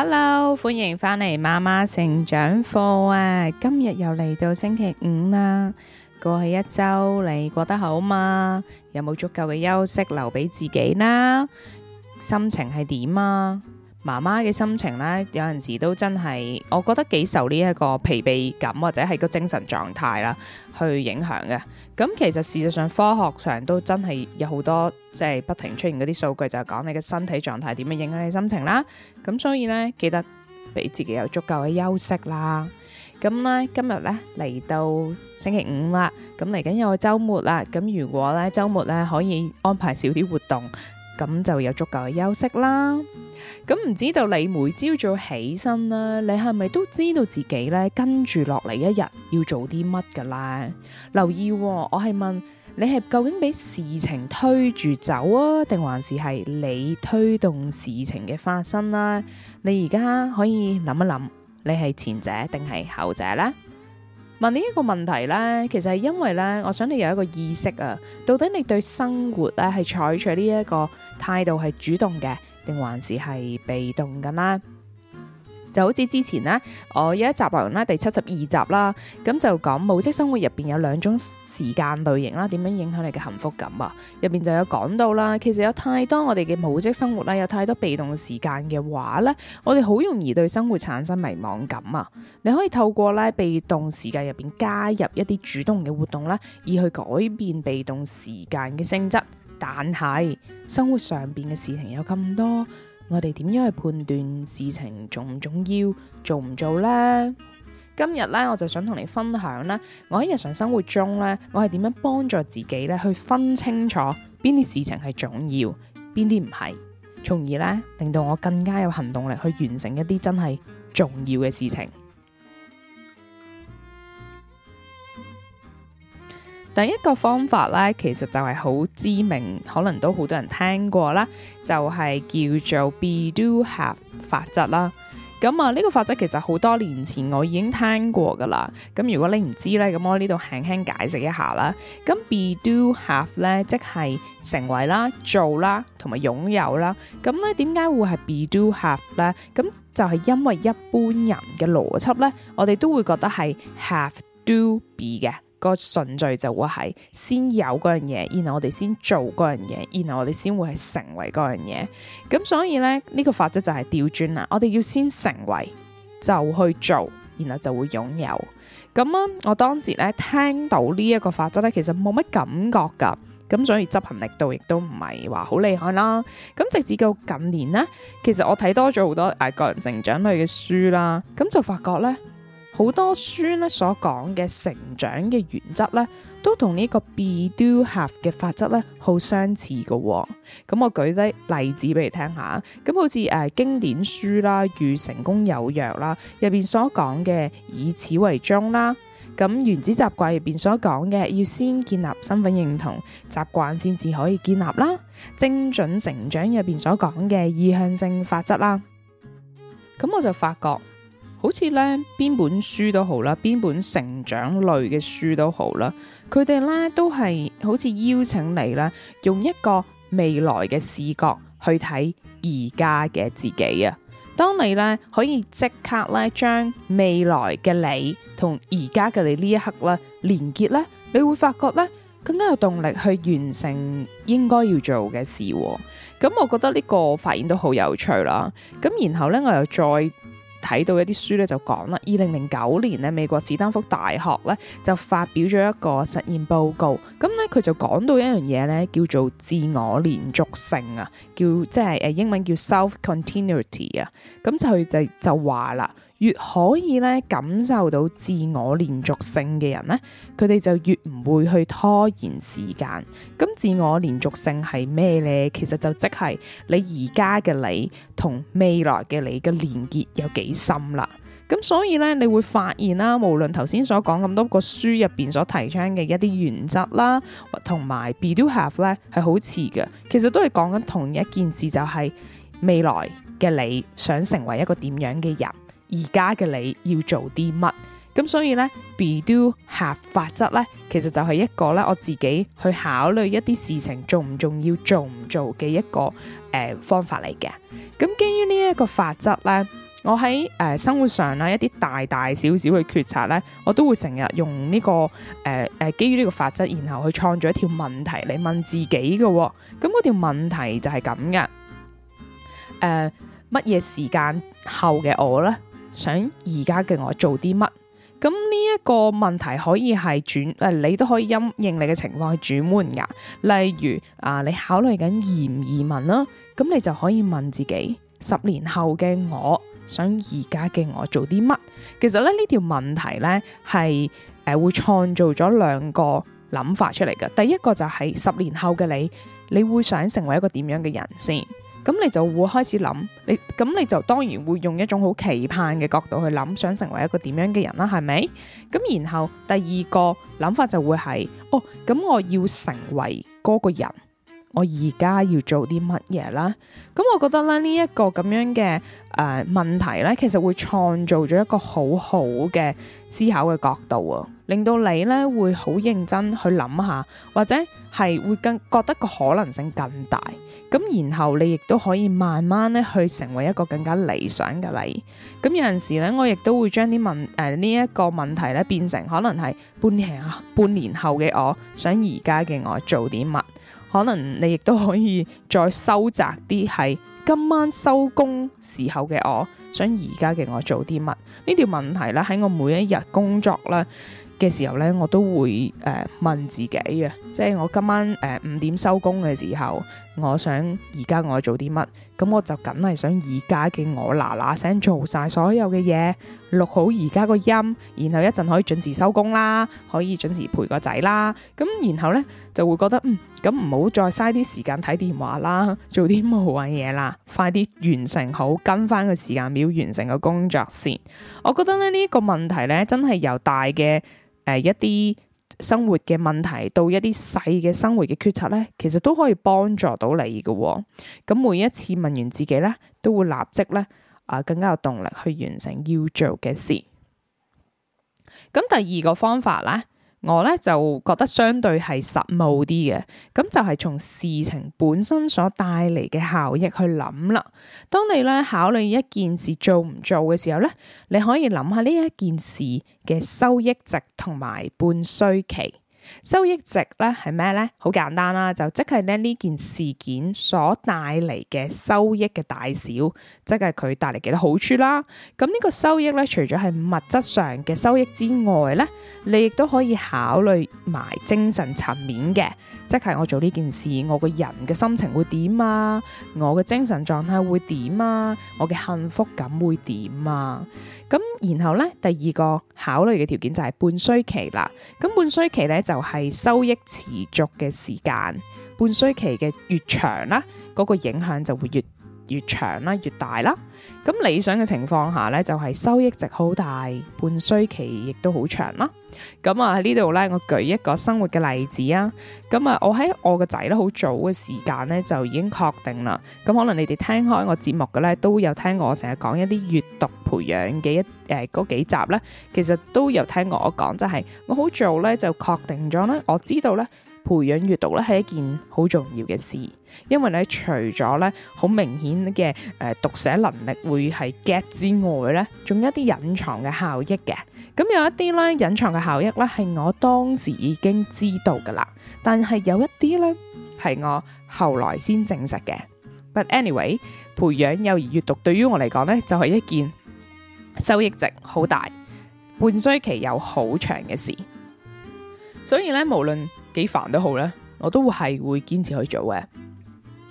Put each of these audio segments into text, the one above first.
Hello，歡迎返嚟媽媽成長課啊！今日又嚟到星期五啦，過去一周你過得好嘛？有冇足夠嘅休息留俾自己啦？心情係點啊？媽媽嘅心情呢，有陣時都真係，我覺得幾受呢一個疲憊感或者係個精神狀態啦，去影響嘅。咁其實事實上科學上都真係有好多，即係不停出現嗰啲數據，就係講你嘅身體狀態點樣影響你心情啦。咁所以呢，記得俾自己有足夠嘅休息啦。咁呢，今日呢，嚟到星期五啦，咁嚟緊有個週末啦。咁如果呢，週末呢，可以安排少啲活動。咁就有足夠嘅休息啦。咁唔知道你每朝早起身啦，你係咪都知道自己咧跟住落嚟一日要做啲乜噶啦？留意喎，我係問你係究竟俾事情推住走啊，定還是係你推動事情嘅發生啦？你而家可以諗一諗，你係前者定係後者呢？問呢個問題呢，其實係因為呢，我想你有一個意識啊，到底你對生活呢，係採取呢一個態度係主動嘅，定還是係被動咁啦？就好似之前呢，我有一集內容咧，第七十二集啦，咁就講母職生活入邊有兩種時間類型啦，點樣影響你嘅幸福感啊？入邊就有講到啦，其實有太多我哋嘅母職生活啦，有太多被動時間嘅話呢，我哋好容易對生活產生迷茫感啊！你可以透過咧被動時間入邊加入一啲主動嘅活動啦，而去改變被動時間嘅性質。但係生活上邊嘅事情有咁多。我哋點樣去判斷事情重唔重要，做唔做呢？今日呢，我就想同你分享呢，我喺日常生活中呢，我係點樣幫助自己呢，去分清楚邊啲事情係重要，邊啲唔係，從而呢令到我更加有行動力去完成一啲真係重要嘅事情。第一個方法咧，其實就係好知名，可能都好多人聽過啦，就係、是、叫做 Be Do Have 法則啦。咁、嗯、啊、呢、這個法則其實好多年前我已經聽過噶啦。咁、嗯、如果你唔知咧，咁、嗯、我呢度輕輕解釋一下啦。咁、嗯、Be Do Have 咧，即係成為啦、做啦、同埋擁有啦。咁、嗯、咧、點、嗯、解會係 Be Do Have 咧？咁、嗯、就係、是、因為一般人嘅邏輯咧，我哋都會覺得係 Have Do Be 嘅。個順序就會係先有嗰樣嘢，然後我哋先做嗰樣嘢，然後我哋先會係成為嗰樣嘢。咁所以咧，呢個法則就係調轉啦。我哋要先成為，就去做，然後就會擁有。咁啊，我當時咧聽到呢一個法則咧，其實冇乜感覺噶。咁所以執行力度亦都唔係話好厲害啦。咁直至到近年呢，其實我睇多咗好多誒個人成長類嘅書啦，咁就發覺咧。好多書咧所講嘅成長嘅原則咧，都同呢個 be do have 嘅法則咧好相似噶、哦。咁我舉啲例子俾你聽下。咁好似誒、呃、經典書啦，與成功有約啦，入邊所講嘅以此為終啦。咁原子習慣入邊所講嘅，要先建立身份認同習慣先至可以建立啦。精準成長入邊所講嘅意向性法則啦。咁我就發覺。好似咧，邊本書都好啦，邊本成長類嘅書都好啦，佢哋咧都係好似邀請你咧，用一個未來嘅視角去睇而家嘅自己啊。當你咧可以即刻咧將未來嘅你同而家嘅你呢一刻咧連結咧，你會發覺咧更加有動力去完成應該要做嘅事喎。咁我覺得呢個發現都好有趣啦。咁然後咧我又再。睇到一啲書咧就講啦，二零零九年咧美國史丹福大學咧就發表咗一個實驗報告，咁咧佢就講到一樣嘢咧叫做自我連續性啊，叫即係誒英文叫 self continuity 啊，咁佢就就話啦。越可以咧感受到自我連續性嘅人呢，佢哋就越唔會去拖延時間。咁自我連續性係咩呢？其實就即係你而家嘅你同未來嘅你嘅連結有幾深啦。咁所以呢，你會發現啦，無論頭先所講咁多個書入邊所提倡嘅一啲原則啦，同埋 Be Do Have 呢係好似嘅，其實都係講緊同一件事，就係、是、未來嘅你想成為一個點樣嘅人。而家嘅你要做啲乜？咁所以呢 Be Do Have 法則呢，其實就係一個咧，我自己去考慮一啲事情重唔重要，做唔做嘅一個誒、呃、方法嚟嘅。咁基於呢一個法則呢，我喺誒、呃、生活上啦，一啲大大小小嘅決策呢，我都會成日用呢、這個誒誒、呃、基於呢個法則，然後去創造一條問題嚟問自己嘅、哦。咁嗰條問題就係咁嘅，誒乜嘢時間後嘅我呢？想而家嘅我做啲乜？咁呢一個問題可以係轉誒，你都可以因應你嘅情況去轉換噶。例如啊、呃，你考慮緊移唔移民啦，咁你就可以問自己：十年後嘅我想而家嘅我做啲乜？其實咧呢條問題呢係誒、呃、會創造咗兩個諗法出嚟嘅。第一個就係、是、十年後嘅你，你會想成為一個點樣嘅人先？咁你就會開始諗，你咁你就當然會用一種好期盼嘅角度去諗，想成為一個點樣嘅人啦，係咪？咁然後第二個諗法就會係，哦，咁我要成為嗰個人。我而家要做啲乜嘢啦？咁我覺得咧，呢、這、一個咁樣嘅誒、呃、問題咧，其實會創造咗一個好好嘅思考嘅角度啊、哦，令到你呢會好認真去諗下，或者係會更覺得個可能性更大。咁然後你亦都可以慢慢呢去成為一個更加理想嘅你。咁有陣時咧，我亦都會將啲問誒呢一個問題咧變成可能係半年半年後嘅我想而家嘅我做啲乜。可能你亦都可以再收窄啲，係今晚收工時候嘅我，想而家嘅我做啲乜？呢條問題啦，喺我每一日工作啦嘅時候咧，我都會誒、呃、問自己嘅，即係我今晚誒五、呃、點收工嘅時候，我想而家我做啲乜？咁我就梗係想而家嘅我嗱嗱聲做晒所有嘅嘢。錄好而家個音，然後一陣可以準時收工啦，可以準時陪個仔啦。咁然後呢，就會覺得，嗯，咁唔好再嘥啲時間睇電話啦，做啲無謂嘢啦，快啲完成好跟翻個時間表完成個工作先。我覺得咧呢、呢個問題呢，真係由大嘅誒、呃、一啲生活嘅問題到一啲細嘅生活嘅決策呢，其實都可以幫助到你噶、哦。咁每一次問完自己呢，都會立即呢。啊，更加有動力去完成要做嘅事。咁第二個方法呢，我呢就覺得相對係實務啲嘅，咁就係從事情本身所帶嚟嘅效益去諗啦。當你呢考慮一件事做唔做嘅時候呢，你可以諗下呢一件事嘅收益值同埋半衰期。收益值咧係咩咧？好簡單啦，就即係咧呢件事件所帶嚟嘅收益嘅大小,即係佢帶嚟幾多好處啦。咁呢個收益咧，除咗係物質上嘅收益之外咧，你亦都可以考慮埋精神層面嘅，即係我做呢件事，我個人嘅心情會點啊？我嘅精神狀態會點啊？我嘅幸福感會點啊？咁然後咧，第二個考慮嘅條件就係半衰期啦。咁半衰期咧就。係收益持續嘅時間，半衰期嘅越長啦，嗰個影響就會越越長啦，越大啦。咁理想嘅情況下呢，就係、是、收益值好大，半衰期亦都好長啦。咁啊，喺呢度呢，我舉一個生活嘅例子啊。咁啊，我喺我個仔呢，好早嘅時間呢，就已經確定啦。咁可能你哋聽開我節目嘅呢，都有聽我成日講一啲閱讀培養嘅一誒嗰、呃、幾集呢，其實都有聽過我講，就係、是、我好早呢，就確定咗呢。我知道呢。培養閱讀咧係一件好重要嘅事，因為咧除咗咧好明顯嘅誒讀寫能力會係 get 之外咧，仲有一啲隱藏嘅效益嘅。咁有一啲咧隱藏嘅效益咧係我當時已經知道噶啦，但係有一啲咧係我後來先證實嘅。But anyway，培養幼兒閱讀對於我嚟講咧就係一件收益值好大，半衰期又好長嘅事。所以咧無論。幾煩都好啦，我都會係會堅持去做嘅。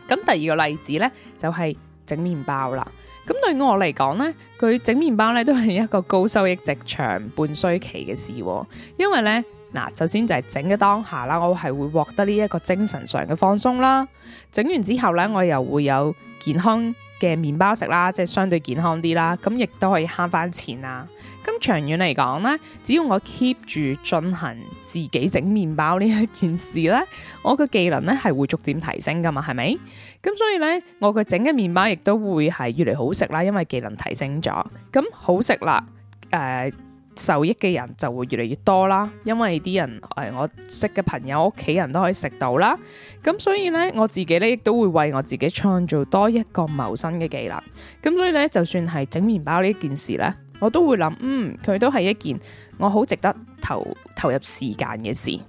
咁第二個例子呢，就係整麵包啦。咁對我嚟講呢，佢整麵包呢都係一個高收益值、長半衰期嘅事喎。因為呢，嗱，首先就係整嘅當下啦，我係會獲得呢一個精神上嘅放鬆啦。整完之後呢，我又會有健康。嘅麵包食啦，即係相對健康啲啦，咁亦都可以慳翻錢啦，咁長遠嚟講呢，只要我 keep 住進行自己整麵包呢一件事呢，我嘅技能呢係會逐漸提升噶嘛，係咪？咁所以呢，我嘅整嘅麵包亦都會係越嚟好食啦，因為技能提升咗，咁好食啦，誒、呃。受益嘅人就會越嚟越多啦，因為啲人誒、哎、我識嘅朋友屋企人都可以食到啦，咁所以呢，我自己呢亦都會為我自己創造多一個謀生嘅技能，咁所以呢，就算係整麵包呢件事呢，我都會諗，嗯，佢都係一件我好值得投投入時間嘅事。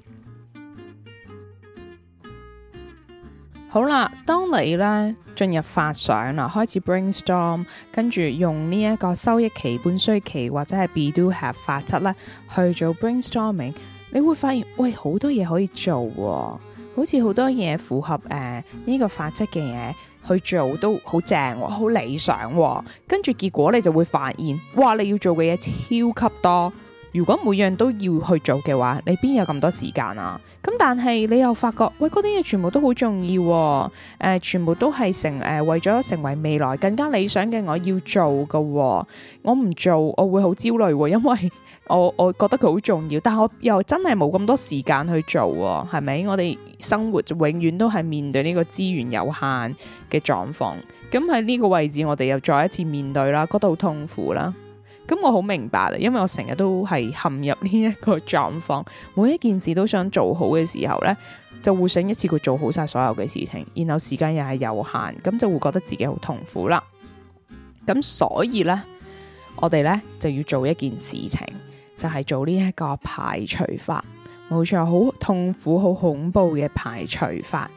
好啦，當你咧進入發想啦，開始 brainstorm，跟住用呢一個收益期、半衰期或者係 be do have 法則咧去做 brainstorming，你會發現喂好多嘢可以做、哦，好似好多嘢符合誒呢、呃這個法則嘅嘢去做都好正、哦，好理想、哦。跟住結果你就會發現，哇，你要做嘅嘢超級多。如果每樣都要去做嘅話，你邊有咁多時間啊？咁但係你又發覺，喂，嗰啲嘢全部都好重要喎，誒、呃，全部都係成誒、呃、為咗成為未來更加理想嘅我要做嘅喎，我唔做我會好焦慮喎，因為我我覺得佢好重要，但係我又真係冇咁多時間去做喎，係咪？我哋生活永遠都係面對呢個資源有限嘅狀況。咁喺呢個位置，我哋又再一次面對啦，覺得好痛苦啦。咁、嗯、我好明白啦，因為我成日都係陷入呢一個狀況，每一件事都想做好嘅時候呢，就會想一次過做好晒所有嘅事情，然後時間又係有限，咁就會覺得自己好痛苦啦。咁、嗯、所以呢，我哋呢就要做一件事情，就係、是、做呢一個排除法，冇錯，好痛苦、好恐怖嘅排除法。.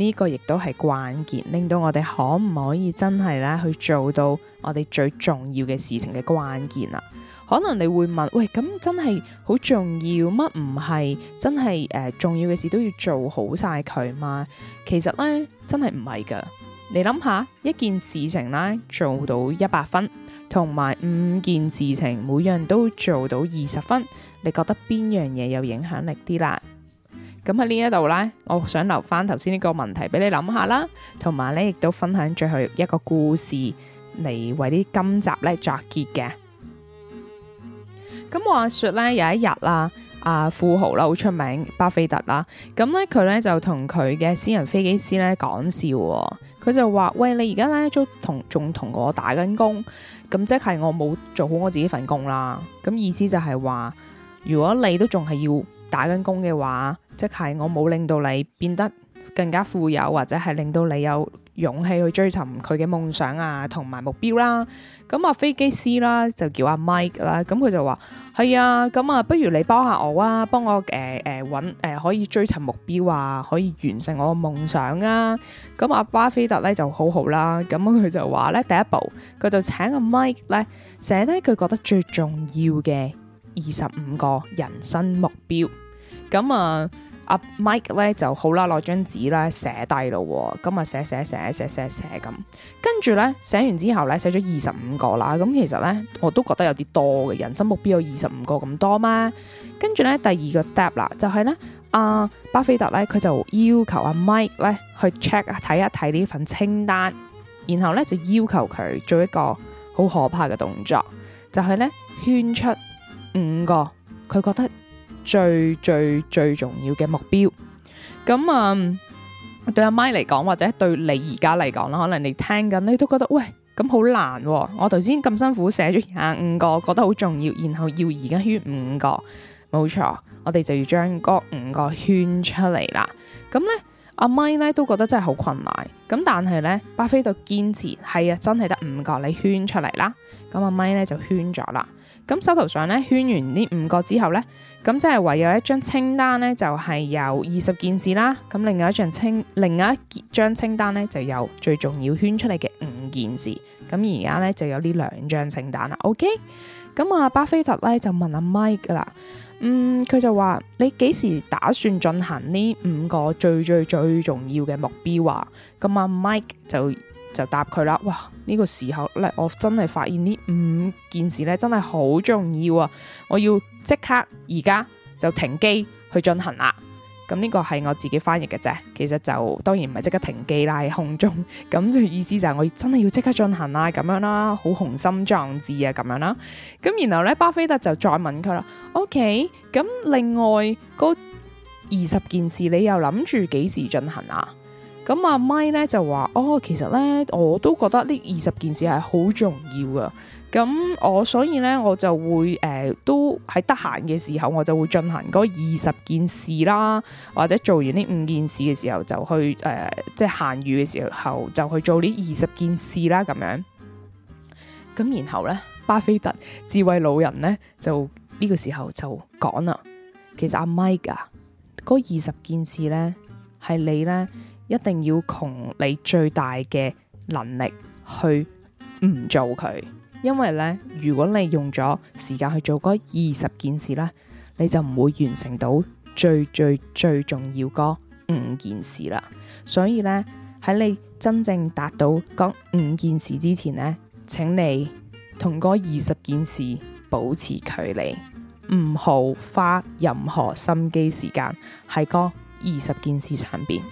呢個亦都係關鍵，令到我哋可唔可以真係咧去做到我哋最重要嘅事情嘅關鍵啦。可能你會問，喂，咁真係好重要乜？唔係真係誒、呃、重要嘅事都要做好晒佢嘛？其實呢，真係唔係噶。你諗下，一件事情呢做到一百分，同埋五件事情每樣都做到二十分，你覺得邊樣嘢有影響力啲啦？咁喺呢一度咧，我想留翻頭先呢個問題俾你諗下啦，同埋咧亦都分享最後一個故事嚟為啲今集咧作結嘅。咁話說咧有一日啦，阿、啊、富豪啦好出名，巴菲特啦，咁咧佢咧就同佢嘅私人飛機師咧講笑、哦，佢就話：喂，你而家咧，都同仲同我打緊工，咁即係我冇做好我自己份工啦。咁意思就係話，如果你都仲係要。打緊工嘅話，即係我冇令到你變得更加富有，或者係令到你有勇氣去追尋佢嘅夢想啊，同埋目標啦。咁啊，飛機師啦，就叫阿 Mike 啦。咁佢就話：係啊，咁啊，不如你幫下我啊，幫我誒誒揾誒可以追尋目標啊，可以完成我嘅夢想啊。咁阿巴菲特咧就好好啦。咁佢就話咧，第一步佢就請阿 Mike 咧寫低佢覺得最重要嘅二十五個人生目標，咁啊，阿 Mike 咧就好啦，攞張紙啦寫低咯。咁啊，寫寫寫寫寫寫，咁跟住咧，寫完之後咧，寫咗二十五個啦。咁其實咧我都覺得有啲多嘅，人生目標有二十五個咁多嘛。跟住咧第二個 step 啦，就係咧阿巴菲特咧佢就要求阿 Mike 咧去 check，睇一睇呢份清單，然後咧就要求佢做一個好可怕嘅動作，就係咧圈出五個，佢覺得最最最重要嘅目標。咁啊，嗯，對阿媽嚟講，或者對你而家嚟講啦，可能你聽緊，你都覺得喂，咁好難啊。我頭先咁辛苦寫咗廿五個，覺得好重要，然後要而家圈五個，冇錯，我哋就要將嗰五個圈出嚟啦。咁呢。阿咪咧都覺得真係好困難，咁但係呢，巴菲特堅持係啊，真係得五個你圈出嚟啦，咁阿咪呢就圈咗啦。咁手頭上呢，圈完呢五個之後呢，咁即係唯有一張清單呢，就係有二十件事啦，咁另外一張清另外一張清單咧就有最重要圈出嚟嘅五件事，咁而家呢，就有呢兩張清單啦，OK。咁啊，巴菲特咧，就問阿 Mike 啦，嗯，佢就話，你幾時打算進行呢五個最最最重要嘅目標啊？咁啊，Mike 就就答佢啦，哇，呢個時候咧，我真係發現呢五件事咧真係好重要啊，我要即刻而家就停機去進行啦。咁呢、嗯這個係我自己翻譯嘅啫，其實就當然唔係即刻停機啦，喺空中咁嘅、嗯、意思就係我真係要即刻進行啦，咁樣啦、啊，好雄心壯志啊，咁樣啦、啊。咁然後咧，巴菲特就再問佢啦，OK，咁另外個二十件事你又諗住幾時進行啊？咁阿 Mike 咧就話哦，其實咧我都覺得呢二十件事係好重要噶。咁我所以咧我就會誒、呃、都喺得閒嘅時候，我就會進行嗰二十件事啦，或者做完呢五件事嘅時候就去誒、呃，即係閒餘嘅時候就去做呢二十件事啦。咁樣，咁然後咧，巴菲特智慧老人咧就呢、這個時候就講啦，其實阿 Mike 啊，嗰二十件事咧係你咧，一定要窮你最大嘅能力去唔做佢，因為呢，如果你用咗時間去做嗰二十件事咧，你就唔會完成到最最最重要嗰五件事啦。所以呢，喺你真正達到嗰五件事之前呢，請你同嗰二十件事保持距離，唔好花任何心機時間喺嗰二十件事上面。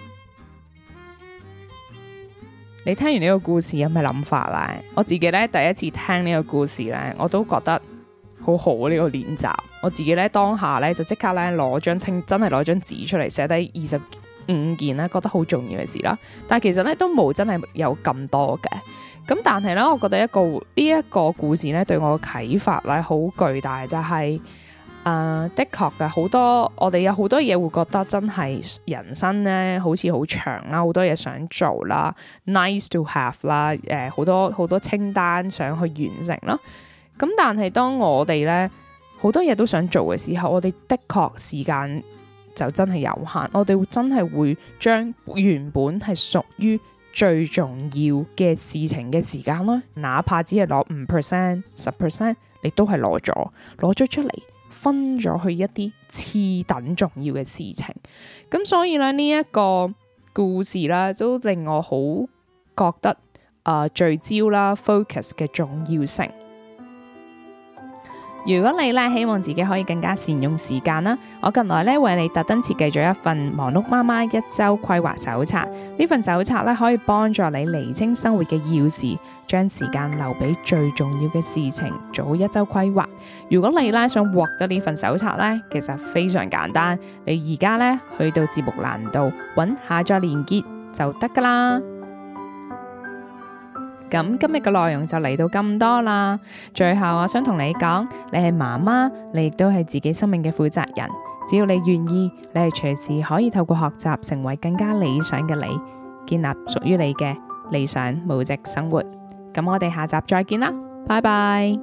你聽完呢個故事有咩諗法咧？我自己咧第一次聽呢個故事咧，我都覺得好好呢個練習。我自己咧當下咧就即刻咧攞張清真係攞張紙出嚟寫低二十五件啦，覺得好重要嘅事啦。但係其實咧都冇真係有咁多嘅。咁但係咧，我覺得一個呢一個故事咧對我嘅啟發咧好巨大，就係、是。啊，uh, 的確噶好多，我哋有好多嘢，會覺得真係人生咧，好似好長啦、啊，好多嘢想做啦，nice to have 啦，誒、呃，好多好多清單想去完成啦。咁、嗯、但係當我哋咧好多嘢都想做嘅時候，我哋的確時間就真係有限。我哋會真係會將原本係屬於最重要嘅事情嘅時間啦，哪怕只係攞五 percent、十 percent，你都係攞咗，攞咗出嚟，分咗去一啲次等重要嘅事情，咁所以咧呢一個故事啦，都令我好覺得啊、呃、聚焦啦 focus 嘅重要性。如果你咧希望自己可以更加善用時間啦，我近來咧為你特登設計咗一份忙碌媽媽一周規劃手冊。呢份手冊咧可以幫助你釐清生活嘅要事，將時間留俾最重要嘅事情，做一周規劃。如果你咧想獲得呢份手冊咧，其實非常簡單，你而家咧去到節目欄度搵下載連結就得噶啦。咁今日嘅內容就嚟到咁多啦，最後我想同你講，你係媽媽，你亦都係自己生命嘅負責人。只要你願意，你係隨時可以透過學習成為更加理想嘅你，建立屬於你嘅理想母職生活。咁我哋下集再見啦，拜拜。